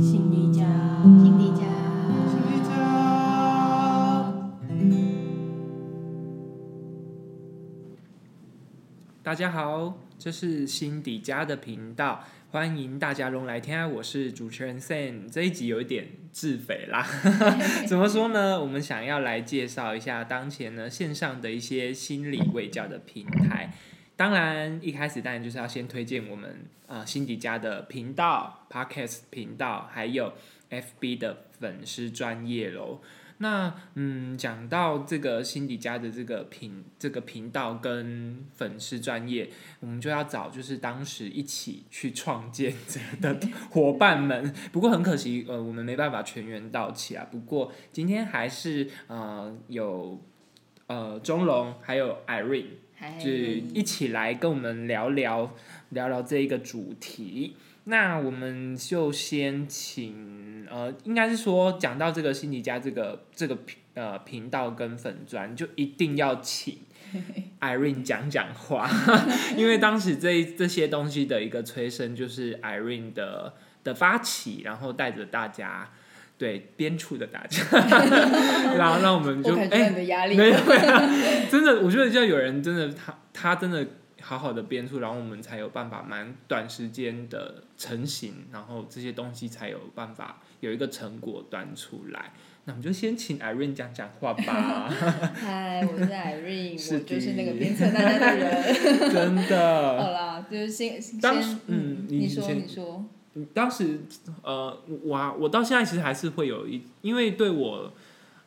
心底家，心底家，心底家，心底家，嗯。大家好，這是心底家的頻道，歡迎大家攏來聽。我是主持人 Sam，這一集有一點自肥啦。 怎麼說呢？我們想要來介紹一下當前呢線上的一些心理衛教的平台。當然，一開始當然就是要先推薦我們啊，心底家的頻道、Podcast 頻道，還有 FB 的粉絲專頁嘍。那嗯，講到這個心底家的這個頻這個頻道跟粉絲專頁，我們就要找就是當時一起去創建的， 的夥伴們。不過很可惜，呃，我們沒辦法全員到齊啊。不過今天還是呃有呃鍾龍還有 Irene。Hey. 就一起來跟我們聊聊聊聊這一個主題。那我們就先請呃，應該是說，講到這個心底家這個這個呃頻道跟粉專，就一定要請 Irene 講講話， 因為當時這這些東西的一個催生就是 Irene 的的發起，然後帶着大家。對，鞭策的大家，然後讓我們就哎、欸，沒有啊， 真的，我覺得要有人真的，他他真的好好的鞭策，然後我們才有辦法蠻短時間的成型，然後這些東西才有辦法有一個成果端出來。那我們就先請 Irene 講講話吧。嗨， 我是 Irene 是的， 我就是那個鞭策大家的人，真 的。 好 了，就是先先嗯，你你說。 當時，呃，我我到現在其實還是會有一，因為對我，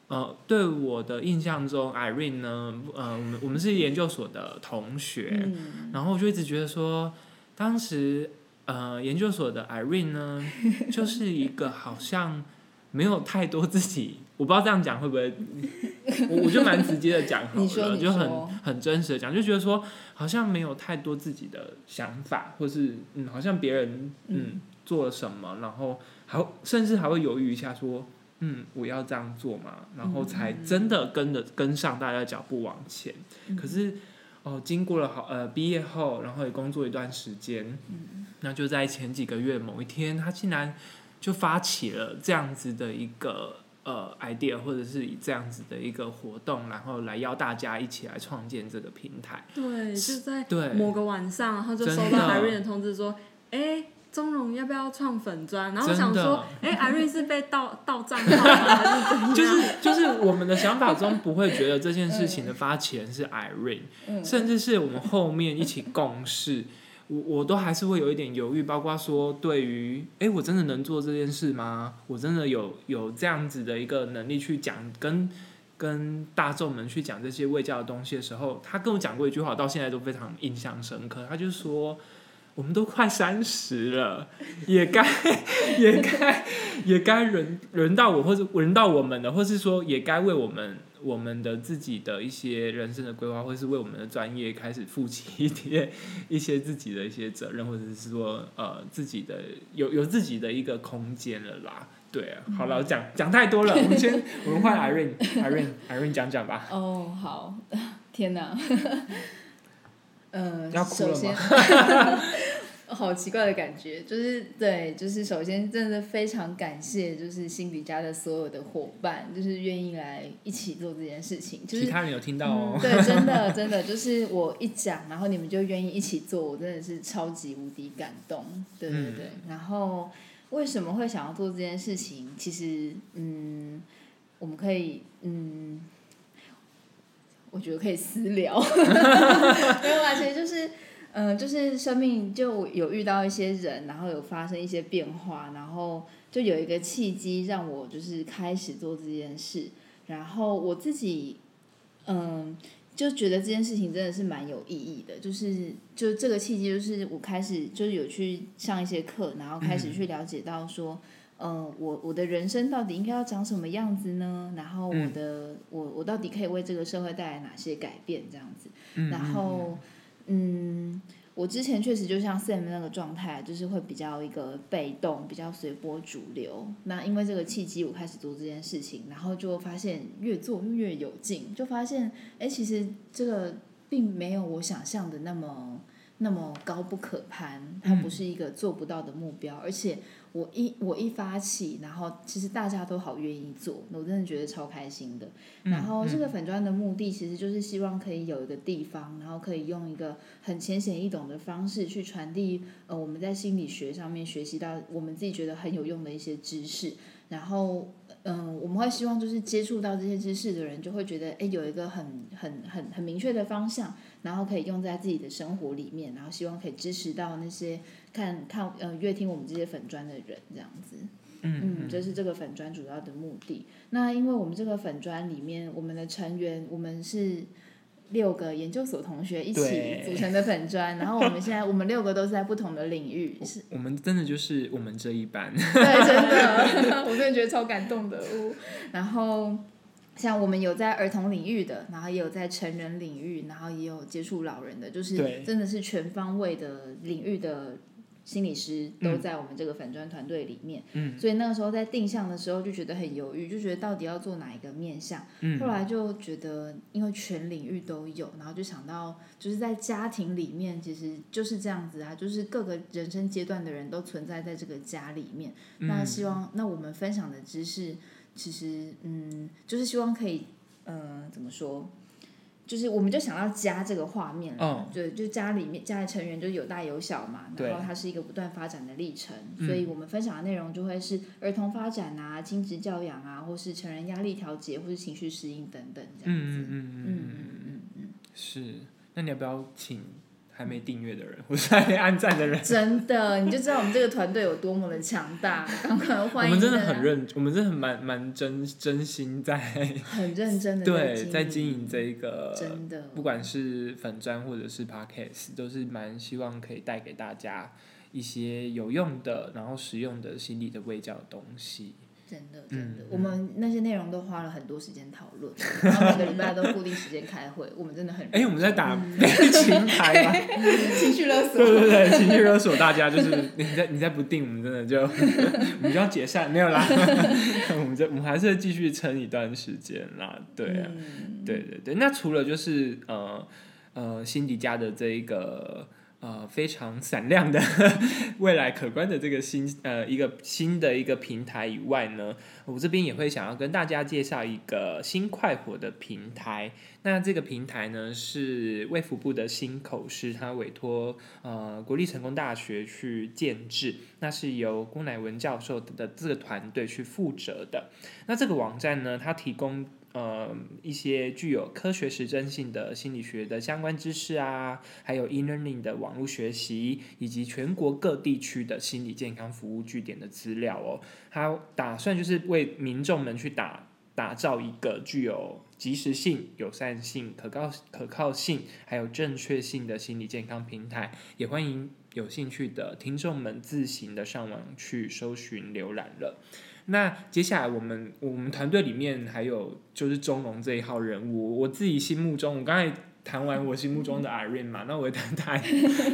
呃，對我的印象中，Irene 呢，呃，我們我們是研究所的同學，嗯，然後我就一直覺得說，當時，呃，研究所的 Irene 呢，就是一個好像沒有太多自己， 我不知道這樣講會不會，我我就蠻直接的講好了，你說，就很很真實的講，就覺得說好像沒有太多自己的想法，或是嗯，好像別人嗯。嗯做了什麼，然後還甚至還會猶豫一下，說，嗯，我要這樣做嘛，然後才真的跟着跟上大家的腳步往前。嗯、可是，哦、呃，經過了好呃畢業後，然後也工作一段時間，那、嗯、就在前幾個月某一天，他竟然就發起了這樣子的一個呃 idea，或者是以這樣子的一個活動，然後來邀大家一起來創建這個平台。對，就在某個晚上，他就收到海瑞的通知說，哎。松茸要不要創粉專。然後想說，哎，欸、 艾瑞是被盜盜賬的嗎、？ 就是，就是就是，我們的想法中不會覺得這件事情的發起人是艾瑞，嗯，甚至是我們後面一起共事，嗯、我我都還是會有一點猶豫。包括說對，對於哎，我真的能做這件事嗎？我真的有有這樣子的一個能力去講跟跟大眾們去講這些衛教的東西的時候，他跟我講過一句話，到現在都非常印象深刻。他就說，我們都快三十了，也該也該也該輪輪到我，或者輪到我們的，或是說也該為我們我們的自己的一些人生的規劃，或是為我們的專業開始負起一些一些自己的一些責任，或者是說呃自己的有有自己的一個空間了啦。對啊，好了，我講講太多了，嗯、我們先我們換 Irene Irene Irene 講講吧。哦、oh,，好，天哪，嗯、 呃，要哭了嗎。 好奇怪的感覺，就是對，就是首先真的非常感謝，就是心底家的所有的夥伴，就是願意來一起做這件事情。就是、其他人有聽到哦？嗯、對，真的真的，就是我一講，然後你們就願意一起做，我真的是超級無敵感動。對對對。嗯、然後為什麼會想要做這件事情？其實，嗯，我們可以，嗯，我覺得可以私聊。 沒有啊，其實就是。嗯、呃，就是生命就有遇到一些人，然後有發生一些變化，然後就有一個契機讓我就是開始做這件事。然後我自己，嗯、呃，就覺得這件事情真的是蠻有意義的。就是，就這個契機，就是我開始就是有去上一些課，然後開始去了解到說，嗯，呃、我我的人生到底應該要長什麼樣子呢？然後我的，嗯、我我到底可以為這個社會帶來哪些改變？這樣子，然後。嗯嗯嗯嗯，我之前確實就像 Sam 那個狀態，就是會比較一個被動，比較隨波逐流。那因為這個契機，我開始做這件事情，然後就發現越做越有勁，就發現哎，其實這個並沒有我想象的那麼那麼高不可攀，它不是一個做不到的目標，嗯、而且。我一我一發起，然後其實大家都好願意做，我真的覺得超開心的。嗯、然後這個粉專的目的其實就是希望可以有一個地方，然後可以用一個很淺顯易懂的方式去傳遞，呃，我們在心理學上面學習到我們自己覺得很有用的一些知識。然後，嗯、呃，我們會希望就是接觸到這些知識的人就會覺得，哎、欸，有一個很很很很明確的方向。然後可以用在自己的生活裡面，然後希望可以支持到那些看看呃閱聽我們這些粉專的人這樣子嗯，嗯，就是這個粉專主要的目的、嗯。那因為我們這個粉專裡面，我們的成員，我們是六個研究所同學一起組成的粉專，然後我們現在我們六個都是在不同的領域，是，我，我們真的就是我們這一班， 對，真的，我真的覺得超感動的、哦，然後。像我們有在兒童領域的，然後也有在成人領域，然後也有接觸老人的，就是真的是全方位的領域的心理師都在我們這個粉專團隊裡面。嗯，所以那個時候在定向的時候就覺得很猶豫，就覺得到底要做哪一個面向。嗯，後來就覺得因為全領域都有，然後就想到就是在家庭裡面，其實就是這樣子啊，就是各個人生階段的人都存在在這個家裡面。嗯，那希望那我們分享的知識。其實，嗯，就是希望可以，呃，怎麼說？就是我們就想到家這個畫面，對，哦，就家裡面家的成員就有大有小嘛，然後它是一個不斷發展的歷程，嗯，所以我們分享的內容就會是兒童發展啊、親職教養啊，或是成人壓力調節，或是情緒適應等等這樣子。嗯嗯嗯嗯嗯嗯，是。那你要不要請？還沒訂閱的人，我是還沒按贊的人， 真的，你就知道我們這個團隊有多麼的強大。歡 迎，我們真的很認真，我們真的蠻蠻真真心在很認真的對，在經營這個真的，不管是粉專，或者是 podcast 都是蠻希望可以帶給大家一些有用的，然後實用的心理的衛教東西。真的，真的，嗯、我們那些內容都花了很多時間討論，然後每個禮拜都固定時間開會， 我們真的很真……哎、欸，我們在打感情牌，情緒勒索，對對對，情緒勒索大家就是 你在你在不定，我們真的就 我們就要解散，沒有啦， 我們再，我們還是繼續撐一段時間啦，對啊、嗯，對對對，那除了就是呃呃心底家的這一個。呃，非常閃亮的呵呵未來可觀的這個新呃一個新的一個平台以外呢，我這邊也會想要跟大家介紹一個心快活的平台。那這個平台呢，是衛福部的心口司他委託呃國立成功大學去建置，那是由郭乃文教授的這個團隊去負責的。那這個網站呢，它提供。呃，一些具有科學實證性的心理學的相關知識啊，還有 e-learning 的網絡學習，以及全國各地區的心理健康服務據點的資料哦。他打算就是為民眾們去打打造一個具有即時性、友善性、可靠、可靠性，還有正確性的心理健康平台。也歡迎有興趣的聽眾們自行的上網去搜尋瀏覽了。那接下來我們我們團隊裡面還有就是鍾榮這一號人物，我自己心目中，我剛才談完我心目中的 Irene 嘛，那我也談談，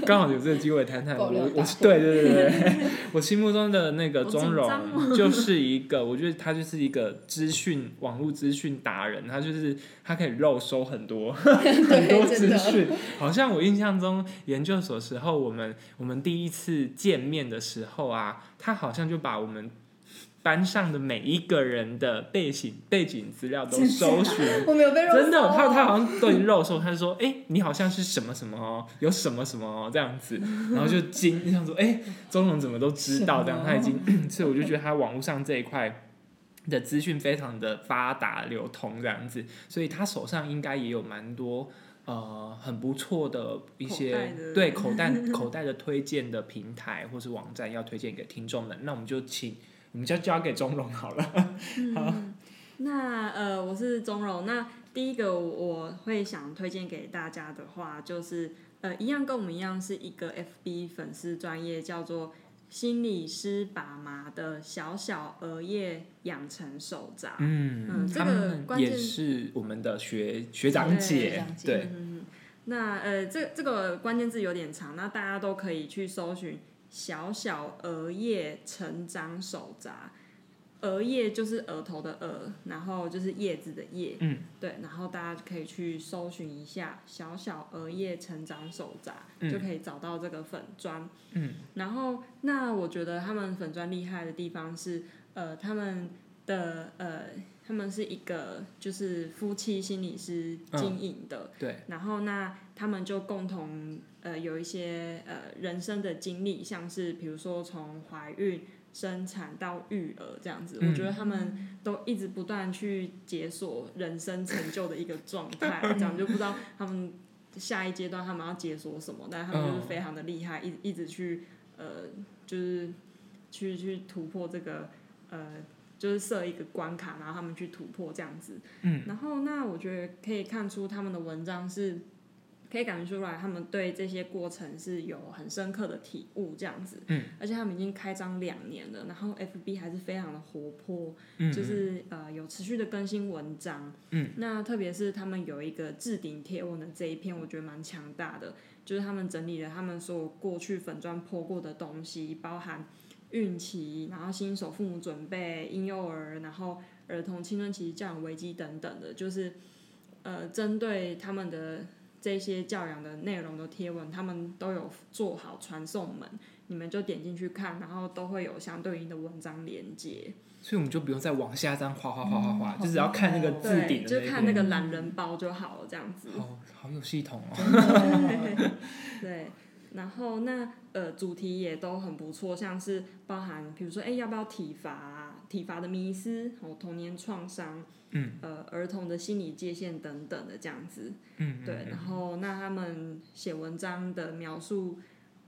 剛好有這個機會談談、嗯，我、嗯、我對對對對，我心目中的那個鍾榮就是一個，我覺得他就是一個資訊網絡資訊達人，他就是他可以肉搜很多很多資訊，好像我印象中研究所時候我們我們第一次見面的時候啊，他好像就把我們。班上的每一個人的背景背景資料都搜尋，我沒有被肉搜，真的，他他好像都已經肉搜，他說，哎，你好像是什麼什麼，有什麼什麼這樣子，然後就驚，你想說，哎、欸，周龍怎麼都知道這樣，他已經，所以我就覺得他網絡上這一塊的資訊非常的發達流通這樣子，所以他手上應該也有蠻多呃很不錯的一些對口袋口袋的推薦的平台或是網站要推薦給聽眾們，那我們就請。我們就交給鍾榮好了、嗯。好，那呃，我是鍾榮。那第一個我會想推薦給大家的話，就是呃，一樣跟我們一樣是一個 FB 粉絲專頁，叫做《心理師爸媽的小小熬夜養成手札》。嗯，嗯這個很關鍵，也是我們的學學長姐。對。對對，那呃，這這個關鍵字有點長，那大家都可以去搜尋。小小額葉成長手札，額葉就是額頭的額，然後就是葉子的葉、嗯。對，然後大家可以去搜尋一下“小小額葉成長手札、嗯”，就可以找到這個粉專、嗯。然後那我覺得他們粉專厲害的地方是，呃，他們。的呃，他們是一個就是夫妻心理師經營的，嗯、對。然後那他們就共同呃有一些呃人生的經歷，像是比如說從懷孕、生產到育兒這樣子、嗯，我覺得他們都一直不斷去解鎖人生成就的一個狀態， 這樣就不知道他們下一階段他們要解鎖什麼，但是他們就是非常的厲害，一一直去呃就是去去突破這個呃。就是設一個關卡，然後他們去突破這樣子。嗯，然後那我覺得可以看出他們的文章是，可以感覺出來他們對這些過程是有很深刻的體悟這樣子。嗯，而且他們已經開張兩年了，然後 FB 還是非常的活潑、嗯，就是呃有持續的更新文章。嗯，那特別是他們有一個置頂貼文的這一篇，嗯、我覺得蠻強大的，就是他們整理了他們所有過去粉專 PO 過的東西，包含。孕期，然後新手父母準備嬰幼兒，然後兒童、青春期教養危機等等的，就是呃，針對他們的這些教養的內容的貼文，他們都有做好傳送門，你們就點進去看，然後都會有相對應的文章連接。所以我們就不用再往下這樣，滑滑滑滑滑，就只要看那個字典個，就看那個懶人包就好了，這樣子。好，好有系統哦 對。對然後那呃主題也都很不錯，像是包含比如說哎要不要體罰、啊，體罰的迷思，哦童年創傷，嗯呃兒童的心理界限等等的這樣子，嗯，嗯，嗯對，然後那他們寫文章的描述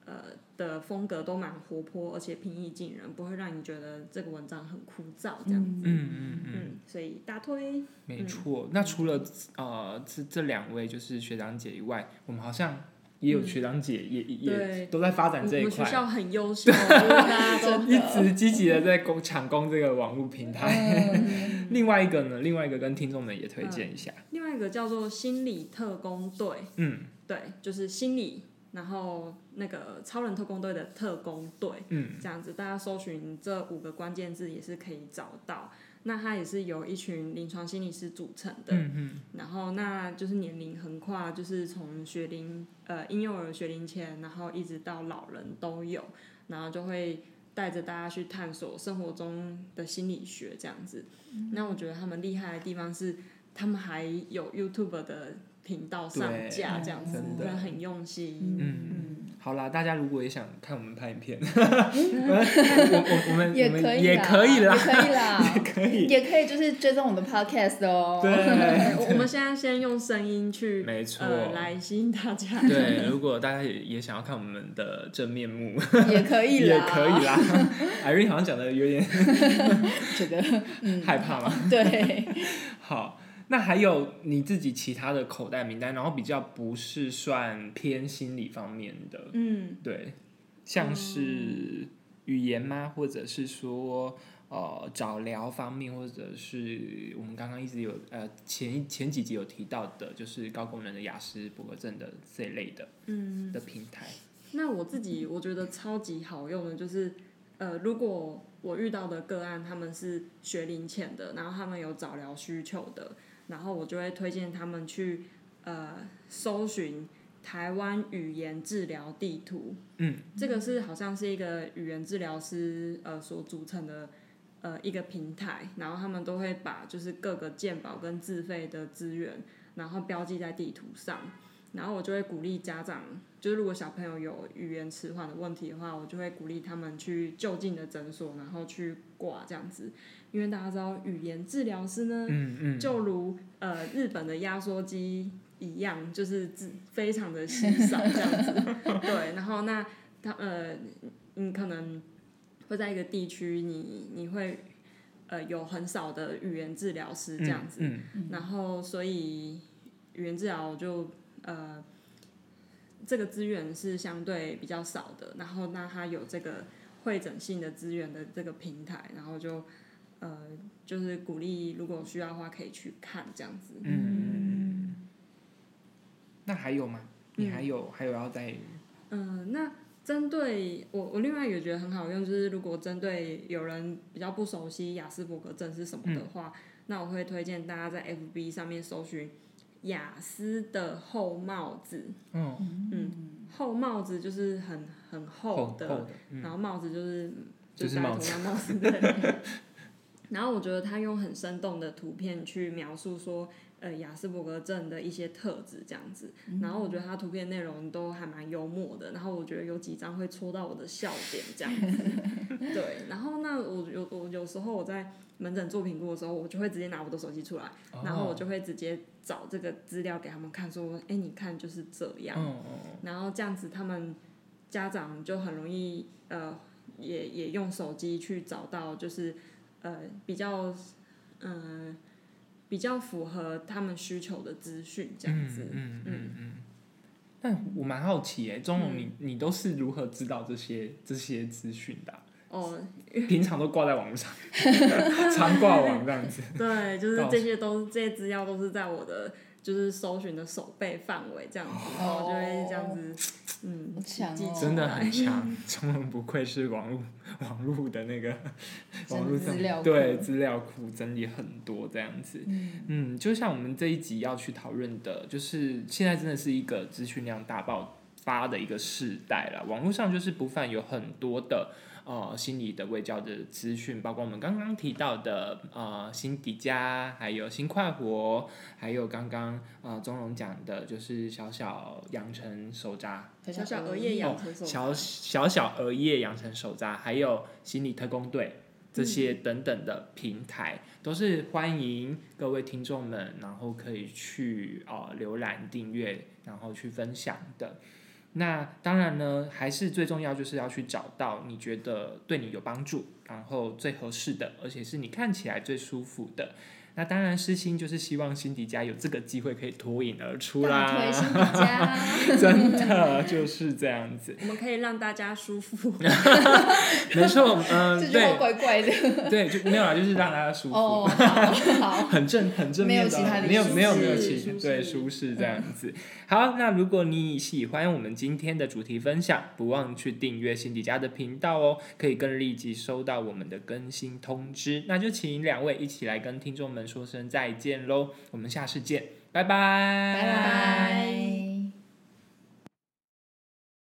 呃的風格都蠻活潑，而且平易近人，不會讓你覺得這個文章很枯燥這樣子，嗯嗯嗯，嗯，嗯，所以大推、嗯，沒錯。那除了呃這這兩位就是學長姐以外，我們好像，也有學長姐、嗯、也也都在發展這一塊，我們學校很優秀，就是、大家都一直積極的在攻搶攻這個網絡平台。 另外一個呢，另外一個跟聽眾們也推薦一下、嗯，另外一個叫做心理特工隊，嗯，對，就是心理，然後那個超人特工隊的特工隊，嗯，這樣子大家搜尋這五個關鍵字也是可以找到。那他也是由一群臨床心理師組成的。嗯，然後那就是年齡橫跨，就是從學齡呃嬰幼兒學齡前，然後一直到老人都有，然後就會帶着大家去探索生活中的心理學這樣子。嗯，那我覺得他們厲害的地方是，他們還有 YouTube 的。頻道上架這樣子的，嗯、的很用心嗯。嗯，好啦，大家如果也想看我們拍影片， 嗯、我我我們也可以了，也可以啦，也可以，也可以，也可以就是追蹤我們的 Podcast 哦、喔。對, 對，我們現在先用聲音去、呃，來吸引大家。對， 對如果大家也也想要看我們的真面目，也可以啦， 也可以啦。 Irene 好像講的有點， 覺得、嗯、害怕了。對， 好。那還有你自己其他的口袋名單，然後比較不是算偏心理方面的，嗯，對，像是語言嗎、嗯、或者是說呃早療方面，或者是我們剛剛一直有呃前前幾集有提到的，就是高功能的亞斯伯格症的這一類的，嗯的平台。那我自己我覺得超級好用的，就是呃，如果我遇到的個案他們是學齡前的，然後他們有早療需求的。然後我就會推薦他們去，呃，搜尋台灣語言治療地圖。嗯，這個是好像是一個語言治療師呃所組成的呃一個平台，然後他們都會把就是各個健保跟自費的資源，然後標記在地圖上。然後我就會鼓勵家長，就是如果小朋友有語言遲緩的問題的話，我就會鼓勵他們去就近的診所，然後去掛這樣子。因為大家知道，語言治療師呢，嗯嗯、就如呃日本的壓縮機一樣，就是非常的稀少這樣子。 對，然後那他呃，你、嗯、可能會在一個地區，你你會呃有很少的語言治療師這樣子。嗯嗯嗯、然後，所以語言治療就呃這個資源是相對比較少的。然後，那他有這個會診性的資源的這個平台，然後就。呃，就是鼓勵，如果需要的話，可以去看這樣子。嗯，那還有嗎？你還有、嗯、還有要再？嗯、呃，那針對我，我另外也覺得很好用，就是如果針對有人比較不熟悉亞斯伯格症是什麼的話，嗯、那我會推薦大家在 FB 上面搜尋“亞斯的厚帽子”嗯。嗯嗯，厚帽子就是很很厚的，厚，厚的，然後帽子就是、嗯、就是帽子。 然後我覺得他用很生動的圖片去描述說，呃，亞斯伯格症的一些特質這樣子。嗯、然後我覺得他圖片的內容都還蠻幽默的。然後我覺得有幾張會戳到我的笑點這樣子。 對。然後那我有我有時候我在門診做評估的時候，我就會直接拿我的手機出來，哦、然後我就會直接找這個資料給他們看，說，哎，你看就是這樣、嗯哦。然後這樣子他們家長就很容易，呃，也也用手機去找到就是。呃，比較嗯、呃，比較符合他們需求的資訊這樣子，嗯嗯嗯，但我蠻好奇誒、欸，鍾龍你、嗯、你都是如何知道這些這些資訊的？哦，平常都掛在網上， 常掛網這樣子。對，就是這些都這些資料都是在我的就是搜尋的守備範圍這樣子，然後就會這樣子。哦嗯，強哦！真的很強，中文不愧是網絡網絡的那個網絡資料對，資料庫整理很多這樣子嗯。嗯，就像我們這一集要去討論的，就是現在真的是一個資訊量大爆發的一個時代了。網絡上就是不乏有很多的。哦，心理的衛教的資訊，包括我們剛剛提到的，呃，心底家，還有心快活，還有剛剛呃鍾榮講的，就是小小養成手札，小小兒夜養成手札，哦哦，還有心理特工隊這些等等的平台，嗯、都是歡迎各位聽眾們，然後可以去啊瀏覽、訂、呃、閱，然後去分享的。那當然呢，還是最重要就是要去找到你覺得對你有幫助，然後最合適的，而且是你看起來最舒服的。那當然，私心就是希望心底家有這個機會可以脫穎而出啦。心底家 真的 就是這樣子。我們可以讓大家舒服。 沒錯，嗯。這句話怪怪的。對，對就沒有啦，就是讓大家舒服。哦、 oh,，好。 很正，很正面的。 沒有，沒有，沒有，沒有情緒，舒適這樣子、嗯。好，那如果你喜歡我們今天的主題分享，不忘去訂閱心底家的頻道哦，可以更立即收到我們的更新通知。那就請兩位一起來跟聽眾們說聲再見嘍，我們下次見，拜拜，拜拜。